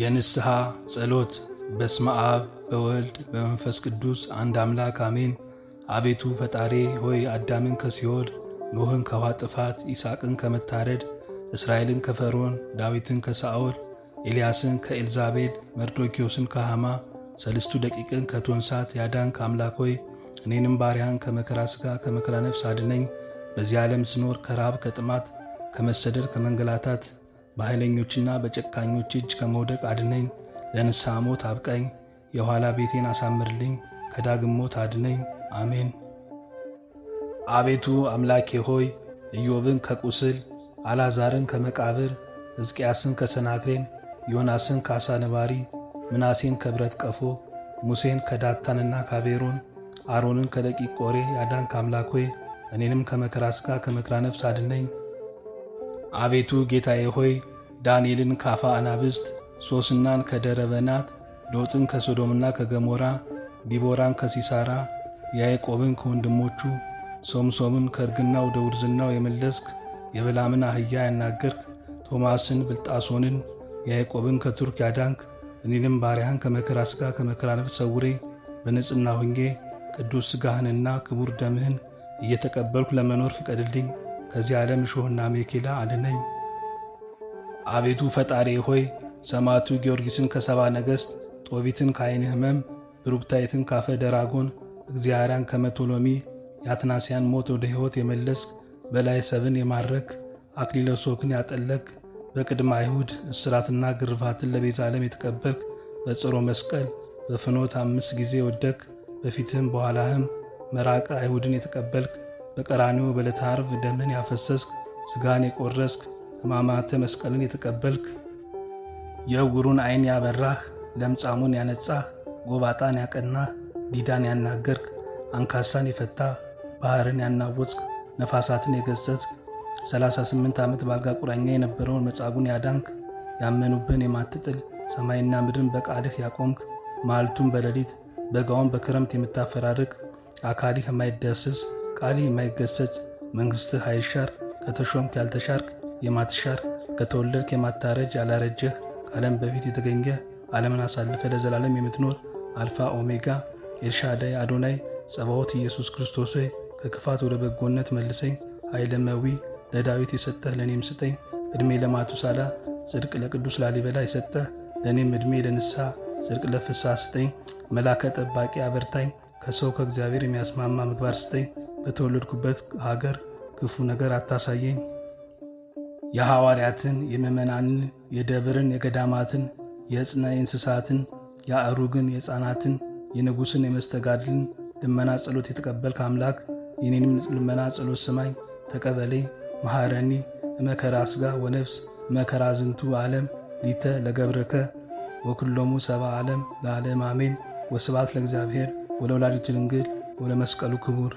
የንስሐ ጸሎት። በስመ አብ በወልድ በመንፈስ ቅዱስ አንድ አምላክ አሜን። አቤቱ ፈጣሪ ሆይ አዳምን ከሲኦል ኖህን ከውሃ ጥፋት ይስሐቅን ከመታረድ እስራኤልን ከፈርዖን ዳዊትን ከሳኦል ኤልያስን ከኤልዛቤል መርዶኪዎስን ከሃማ ሰልስቱ ደቂቅን ከቶንሳት ያዳንክ አምላክ ሆይ እኔንም ባሪያን ከመከራ ሥጋ ከመከራ ነፍስ አድነኝ። በዚህ ዓለም ስኖር ከራብ ከጥማት ከመሰደድ ከመንገላታት በኃይለኞችና በጨካኞች እጅ ከመውደቅ አድነኝ፣ ለንስሐ ሞት አብቀኝ። የኋላ ቤቴን አሳምርልኝ፣ ከዳግም ሞት አድነኝ። አሜን። አቤቱ አምላኬ ሆይ ኢዮብን ከቁስል አላዛርን ከመቃብር ሕዝቅያስን ከሰናክሬም ዮናስን ከአሳ ነባሪ ምናሴን ከብረት ቀፎ ሙሴን ከዳታንና ካቤሮን አሮንን ከደቂቅ ቆሬ ያዳንክ አምላክ ሆይ እኔንም ከመከራ ሥጋ ከመከራ ነፍስ አድነኝ። አቤቱ ጌታዬ ሆይ ዳንኤልን ካፋ አናብስት፣ ሶስናን ከደረበናት ሎጥን ከሶዶምና ከገሞራ፣ ዲቦራን ከሲሳራ፣ ያዕቆብን ከወንድሞቹ፣ ሶምሶምን ከእርግናው ወደ ውርዝናው የመለስክ፣ የበላምን አህያ ያናገርክ፣ ቶማስን ብልጣሶንን ያዕቆብን ከቱርክ ያዳንክ፣ እኔንም ባሪያህን ከመከራ ሥጋ ከመከራ ነፍስ ሰውሬ፣ በንጽና ሁኜ ቅዱስ ሥጋህንና ክቡር ደምህን እየተቀበልኩ ለመኖር ፍቀድልኝ። ከዚህ ዓለም እሾህና ሜኬላ አድነኝ። አቤቱ ፈጣሪ ሆይ ሰማዕቱ ጊዮርጊስን ከሰባ ነገሥት፣ ጦቢትን ከዓይን ሕመም፣ ብሩክታይትን ካፈ ደራጎን፣ እግዚአርያን ከመቶሎሚ የአትናሲያን ሞት ወደ ሕይወት የመለስክ በላይ ሰብን የማድረግ አክሊለሶክን ሦክን ያጠለቅ በቅድመ አይሁድ እስራትና ግርፋትን ለቤዛ ዓለም የተቀበልክ በጽሮ መስቀል በፍኖት አምስት ጊዜ ወደክ በፊትህም በኋላህም መራቅ አይሁድን የተቀበልክ በቀራኒው በዕለተ ዓርብ ያፈሰስክ፣ ሥጋን የቆረስክ፣ ሕማማተ መስቀልን የተቀበልክ፣ የዕውሩን ዐይን ያበራህ፣ ለምጻሙን ያነጻህ፣ ጎባጣን ያቀናህ፣ ዲዳን ያናገርክ፣ አንካሳን የፈታህ፣ ባሕርን ያናወጽክ፣ ነፋሳትን የገሠጽክ፣ 38 ዓመት ባልጋ ቁራኛ የነበረውን መጻጉን ያዳንክ፣ ያመኑብን የማትጥል፣ ሰማይና ምድርን በቃልህ ያቆምክ፣ መዓልቱን በሌሊት በጋውን በክረምት የምታፈራርቅ፣ አካልህ የማይዳስስ ፈጣሪ የማይገሰጽ መንግሥትህ አይሻር፣ ከተሾምክ ያልተሻርክ የማትሻር ከተወለድክ የማታረጅ ያላረጀህ ከዓለም በፊት የተገኘህ ዓለምን አሳልፈ ለዘላለም የምትኖር አልፋ ኦሜጋ ኤልሻዳይ አዶናይ ጸባዖት ኢየሱስ ክርስቶስ ሆይ ከክፋት ወደ በጎነት መልሰኝ። ኃይለመዊ ለዳዊት የሰጠህ ለእኔም ስጠኝ። ዕድሜ ለማቱሳላ ጽድቅ ለቅዱስ ላሊበላ የሰጠህ ለእኔም ዕድሜ ለንስሐ ጽድቅ ለፍሳ ስጠኝ። መላከ ጠባቂ አበርታኝ። ከሰው ከእግዚአብሔር የሚያስማማ ምግባር ስጠኝ። በተወለድኩበት ሀገር ክፉ ነገር አታሳየኝ። የሐዋርያትን፣ የምዕመናንን፣ የደብርን፣ የገዳማትን፣ የእጽነ እንስሳትን የአእሩግን፣ የሕፃናትን፣ የንጉሥን፣ የመስተጋድልን ልመና ጸሎት የተቀበልክ አምላክ የኔንም ልመና ጸሎት ስማኝ፣ ተቀበሌ መሐረኒ እመከራ ሥጋ ወነፍስ እመከራ ዝንቱ ዓለም ሊተ ለገብረከ ወክሎሙ ሰባ ዓለም ለዓለም አሜን። ወስብሐት ለእግዚአብሔር ወለወላዲቱ ድንግል ወለመስቀሉ ክቡር